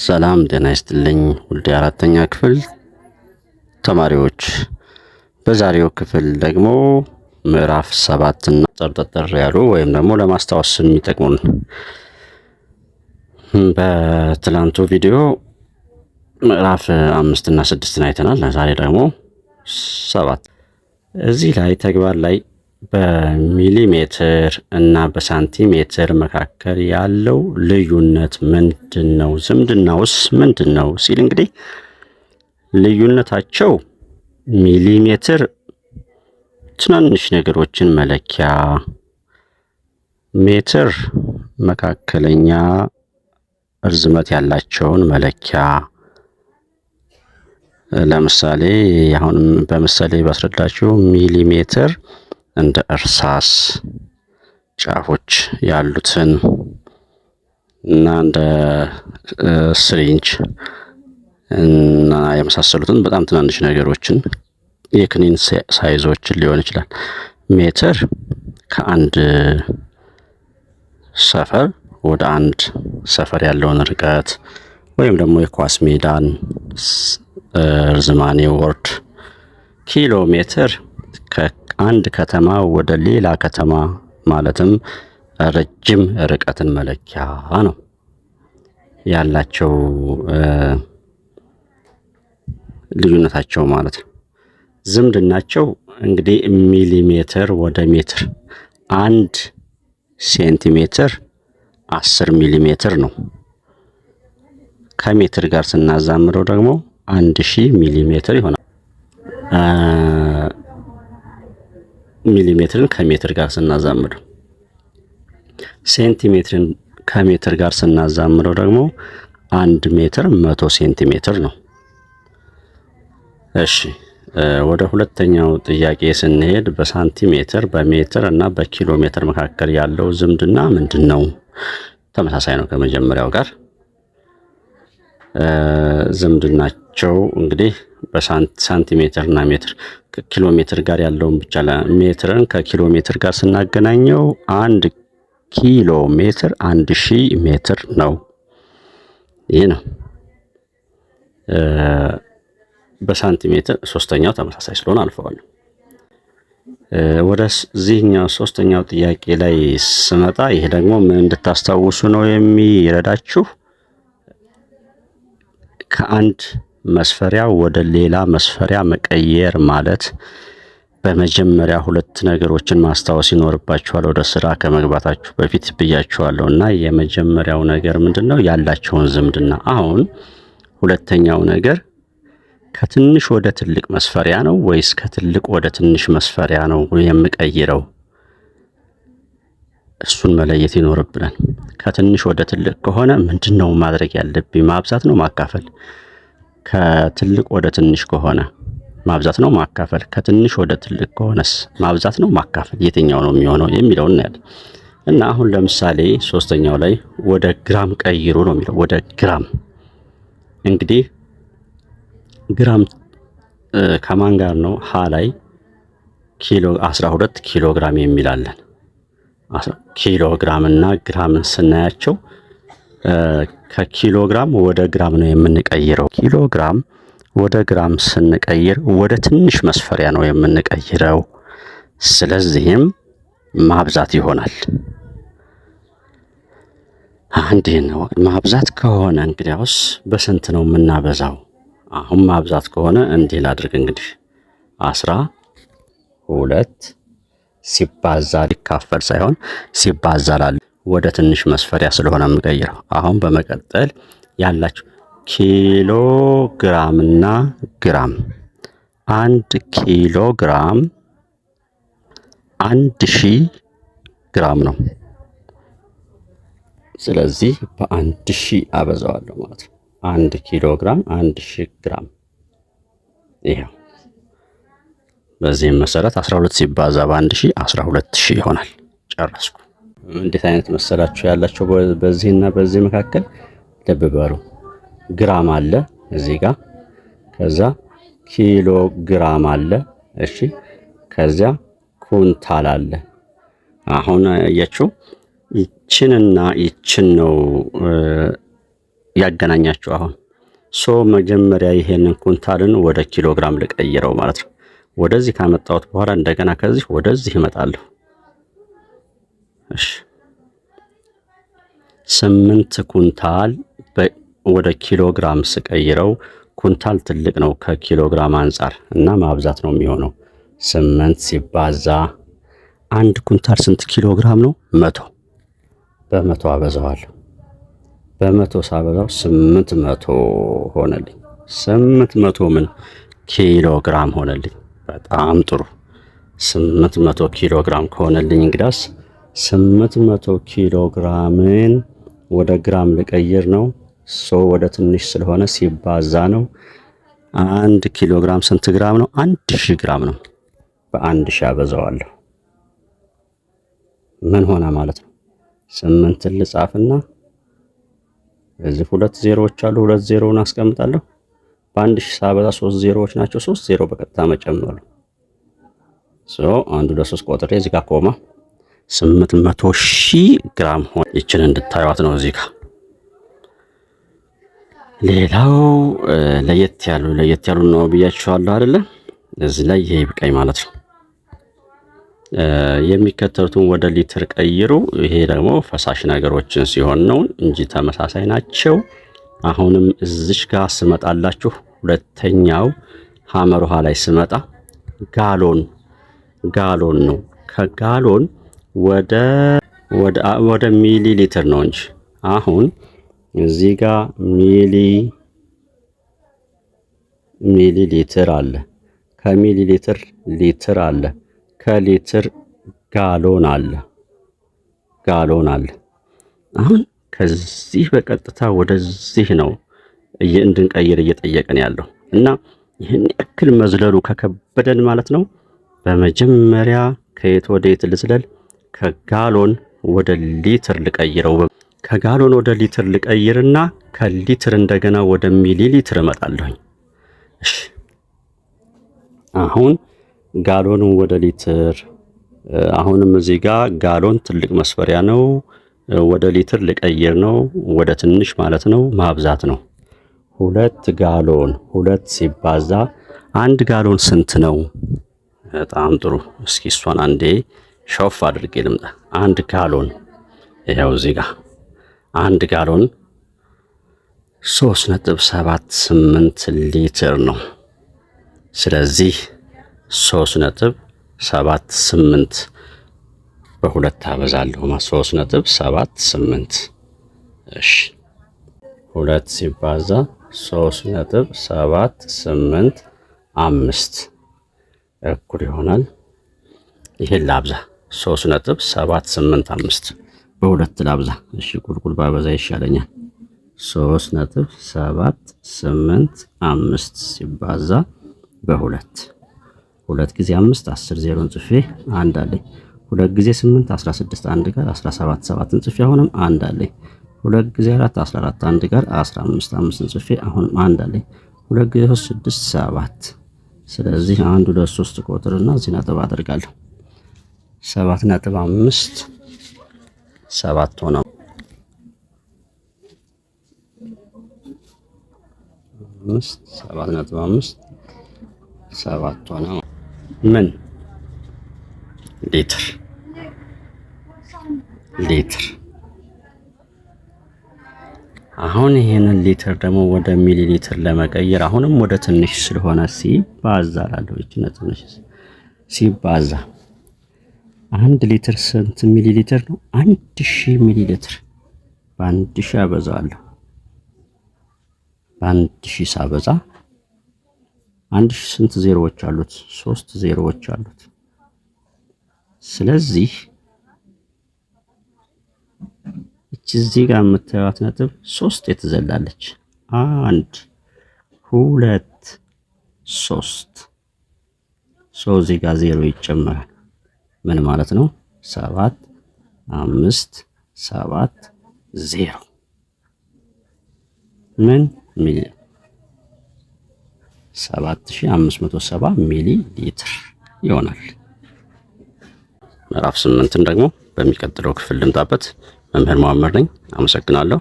ሰላም ጤና ይስጥልኝ ውድ አራተኛ ክፍል ተማሪዎች፣ በዛሬው ክፍል ደግሞ ምዕራፍ ሰባት እና ጠርጠር ያሉ ወይም ደግሞ ለማስታወስ የሚጠቅሙን በትላንቱ ቪዲዮ ምዕራፍ አምስት አምስትና ስድስትን አይተናል። ዛሬ ደግሞ ሰባት እዚህ ላይ ተግባር ላይ በሚሊሜትር እና በሳንቲሜትር መካከል ያለው ልዩነት ምንድን ነው? ዝምድናውስ ምንድን ነው? ሲል እንግዲህ ልዩነታቸው ሚሊሜትር ትናንሽ ነገሮችን መለኪያ፣ ሜትር መካከለኛ እርዝመት ያላቸውን መለኪያ። ለምሳሌ አሁን በምሳሌ ባስረዳችሁ ሚሊሜትር እንደ እርሳስ ጫፎች ያሉትን እና እንደ ስሪንጅ እና የመሳሰሉትን በጣም ትናንሽ ነገሮችን የክኒን ሳይዞችን ሊሆን ይችላል። ሜትር ከአንድ ሰፈር ወደ አንድ ሰፈር ያለውን ርቀት ወይም ደግሞ የኳስ ሜዳን ርዝማኔ ወርድ ኪሎ ሜትር አንድ ከተማ ወደ ሌላ ከተማ ማለትም ረጅም ርቀትን መለኪያ ነው ያላቸው ልዩነታቸው ማለት ነው። ዝምድናቸው እንግዲህ ሚሊሜትር ወደ ሜትር አንድ ሴንቲሜትር አስር ሚሊሜትር ነው። ከሜትር ጋር ስናዛምረው ደግሞ አንድ ሺህ ሚሊሜትር ይሆናል። ሚሊሜትርን ከሜትር ጋር ስናዛምደው ሴንቲሜትርን ከሜትር ጋር ስናዛምደው ደግሞ አንድ ሜትር መቶ ሴንቲሜትር ነው። እሺ ወደ ሁለተኛው ጥያቄ ስንሄድ በሳንቲሜትር በሜትር እና በኪሎ ሜትር መካከል ያለው ዝምድና ምንድን ነው? ተመሳሳይ ነው ከመጀመሪያው ጋር ዝምድና ናቸው። እንግዲህ እና ሜትር ኪሎ ሜትር ጋር ያለውን ብቻ ሜትርን ከኪሎ ሜትር ጋር ስናገናኘው አንድ ኪሎ ሜትር አንድ ሺህ ሜትር ነው። ይህ ነው። በሳንቲሜትር ሶስተኛው ተመሳሳይ ስለሆነ አልፈዋል። ወደዚህኛው ሶስተኛው ጥያቄ ላይ ስመጣ ይሄ ደግሞ ምን እንድታስታውሱ ነው የሚረዳችሁ ከአንድ መስፈሪያ ወደ ሌላ መስፈሪያ መቀየር ማለት በመጀመሪያ ሁለት ነገሮችን ማስታወስ ይኖርባችኋል። ወደ ስራ ከመግባታችሁ በፊት ብያችኋለሁ እና የመጀመሪያው ነገር ምንድን ነው? ያላቸውን ዝምድና። አሁን ሁለተኛው ነገር ከትንሽ ወደ ትልቅ መስፈሪያ ነው ወይስ ከትልቅ ወደ ትንሽ መስፈሪያ ነው የምቀይረው? እሱን መለየት ይኖርብናል። ከትንሽ ወደ ትልቅ ከሆነ ምንድን ነው ማድረግ ያለብኝ? ማብዛት ነው ማካፈል ከትልቅ ወደ ትንሽ ከሆነ ማብዛት ነው ማካፈል? ከትንሽ ወደ ትልቅ ከሆነስ ማብዛት ነው ማካፈል? የትኛው ነው የሚሆነው የሚለው እናያለን። እና አሁን ለምሳሌ ሶስተኛው ላይ ወደ ግራም ቀይሩ ነው የሚለው። ወደ ግራም እንግዲህ ግራም ከማን ጋር ነው? ሀ ላይ ኪሎ 12 ኪሎ ግራም የሚላለን ኪሎ ግራም እና ግራምን ስናያቸው ከኪሎግራም ወደ ግራም ነው የምንቀይረው። ኪሎግራም ወደ ግራም ስንቀይር ወደ ትንሽ መስፈሪያ ነው የምንቀይረው። ስለዚህም ማብዛት ይሆናል። ነው ማብዛት ከሆነ እንግዲያውስ በስንት ነው የምናበዛው? አሁን ማብዛት ከሆነ እንዲህ ላድርግ እንግዲህ አስራ ሁለት ሲባዛ ሊካፈል ሳይሆን ሲባዛ ላለ ወደ ትንሽ መስፈሪያ ስለሆነ የምቀይረው። አሁን በመቀጠል ያላችሁ ኪሎ ግራምና ግራም፣ አንድ ኪሎ ግራም አንድ ሺህ ግራም ነው። ስለዚህ በአንድ ሺህ አበዛዋለሁ ማለት ነው። አንድ ኪሎ ግራም አንድ ሺህ ግራም ይሄው። በዚህም መሰረት 12 ሲባዛ በአንድ ሺህ 12 ሺህ ይሆናል። ጨረስኩ። እንዴት አይነት መሰላችሁ ያላቸው በዚህና በዚህ መካከል ልብ በሉ። ግራም አለ እዚህ ጋር፣ ከዛ ኪሎ ግራም አለ። እሺ፣ ከዚያ ኩንታል አለ። አሁን እያችሁ ይችንና ይችን ነው ያገናኛችሁ። አሁን ሶ መጀመሪያ ይሄንን ኩንታልን ወደ ኪሎ ግራም ልቀይረው ማለት ነው። ወደዚህ ካመጣሁት በኋላ እንደገና ከዚህ ወደዚህ ይመጣለሁ። እሺ ስምንት ኩንታል ወደ ኪሎ ግራም ስቀይረው ኩንታል ትልቅ ነው ከኪሎ ግራም አንጻር እና ማብዛት ነው የሚሆነው። ስምንት ሲባዛ አንድ ኩንታል ስንት ኪሎ ግራም ነው? መቶ በመቶ አበዛዋል በመቶ ሳበዛው ስምንት መቶ ሆነልኝ። ስምንት መቶ ምን ኪሎ ግራም ሆነልኝ። በጣም ጥሩ። ስምንት መቶ ኪሎ ግራም ከሆነልኝ እንግዳስ 800 ኪሎ ግራምን ወደ ግራም ልቀይር ነው። ሶ ወደ ትንሽ ስለሆነ ሲባዛ ነው። አንድ ኪሎ ግራም ስንት ግራም ነው? አንድ ሺህ ግራም ነው። በአንድ ሺህ አበዛዋለሁ። ምን ሆነ ማለት ነው? ስምንትን ልጻፍና እዚህ ሁለት ዜሮዎች አሉ። ሁለት ዜሮውን አስቀምጣለሁ። በአንድ ሺህ ሳበዛ ሶስት ዜሮዎች ናቸው። ሶስት ዜሮ በቀጥታ መጨመሩ ሶ አንዱ ለሶስት ቆጥሬ እዚህ ጋር ኮማ ስምንት መቶ ሺህ ግራም ሆነ። ይችን እንድታዩት ነው እዚህ ጋር። ሌላው ለየት ያሉ ለየት ያሉ ነው ብያችኋለሁ አይደለ? እዚህ ላይ ይሄ ይብቃኝ ማለት ነው። የሚከተሉትን ወደ ሊትር ቀይሩ። ይሄ ደግሞ ፈሳሽ ነገሮችን ሲሆን ነው እንጂ ተመሳሳይ ናቸው። አሁንም እዚሽ ጋር ስመጣላችሁ ሁለተኛው ሀመር ውሃ ላይ ስመጣ ጋሎን ጋሎን ነው ከጋሎን ወደ ወደ ሚሊ ሊትር ነው እንጂ አሁን እዚህ ጋር ሚሊ ሚሊ ሊትር አለ። ከሚሊ ሊትር ሊትር አለ። ከሊትር ጋሎን አለ። ጋሎን አለ። አሁን ከዚህ በቀጥታ ወደዚህ ነው እንድንቀይር እየጠየቀን ያለው እና ይህን ያክል መዝለሉ ከከበደን ማለት ነው በመጀመሪያ ከየት ወደ የት ልዝለል? ከጋሎን ወደ ሊትር ልቀይረው። ከጋሎን ወደ ሊትር ልቀይርና ከሊትር እንደገና ወደ ሚሊ ሊትር እመጣለሁኝ። እሺ አሁን ጋሎንን ወደ ሊትር አሁንም እዚህ ጋር ጋሎን ትልቅ መስፈሪያ ነው። ወደ ሊትር ልቀይር ነው፣ ወደ ትንሽ ማለት ነው፣ ማብዛት ነው። ሁለት ጋሎን ሁለት ሲባዛ አንድ ጋሎን ስንት ነው? በጣም ጥሩ። እስኪ እሷን አንዴ ሾፍ አድርጌ ልምጣ። አንድ ጋሎን ያው እዚህ ጋር አንድ ጋሎን ሶስት ነጥብ ሰባት ስምንት ሊትር ነው። ስለዚህ ሶስት ነጥብ ሰባት ስምንት በሁለት አበዛለሁ። ሶስት ነጥብ ሰባት ስምንት እሺ፣ ሁለት ሲባዛ ሶስት ነጥብ ሰባት ስምንት አምስት እኩል ይሆናል። ይህን ላብዛ ሶስት ነጥብ ሰባት ስምንት አምስት በሁለት ላብዛ። እሺ ቁልቁል ባበዛ ይሻለኛል። ሶስት ነጥብ ሰባት ስምንት አምስት ሲባዛ በሁለት ሁለት ጊዜ አምስት አስር ዜሮን ጽፌ አንድ አለኝ። ሁለት ጊዜ ስምንት አስራ ስድስት አንድ ጋር አስራ ሰባት ሰባትን ጽፌ አሁንም አንድ አለኝ። ሁለት ጊዜ አራት አስራ አራት አንድ ጋር አስራ አምስት አምስትን ጽፌ አሁንም አንድ አለኝ። ሁለት ጊዜ ሶስት ስድስት ሰባት። ስለዚህ አንድ ሁለት ሶስት ቁጥርና እዚህ ነጥብ አደርጋለሁ። ሰባት ነጥብ አምስት ሰባት ሆነ። አምስት ሰባት ነጥብ አምስት ሰባት ምን ሊትር ሊትር አሁን ይሄንን ሊትር ደግሞ ወደ ሚሊ ሊትር ለመቀየር አሁንም ወደ ትንሽ ስለሆነ ሲባዛ ላለች ትንሽ ሲባዛ አንድ ሊትር ስንት ሚሊ ሊትር ነው? አንድ ሺህ ሚሊ ሊትር በአንድ ሺህ አበዛዋለሁ። በአንድ ሺህ ሳበዛ አንድ ሺህ ስንት ዜሮዎች አሉት? ሶስት ዜሮዎች አሉት። ስለዚህ እቺ እዚህ ጋር የምታዩት ነጥብ ሶስት የተዘላለች አንድ ሁለት ሶስት ሶ እዚህ ጋር ዜሮ ይጨመራል። ምን ማለት ነው? ሰባት አምስት ሰባት ዜሮ ምን ሚሊ ሰባት ሺህ አምስት መቶ ሰባ ሚሊ ሊትር ይሆናል። ምዕራፍ ስምንትን ደግሞ በሚቀጥለው ክፍል ልምጣበት። መምህር ማመር ነኝ። አመሰግናለሁ።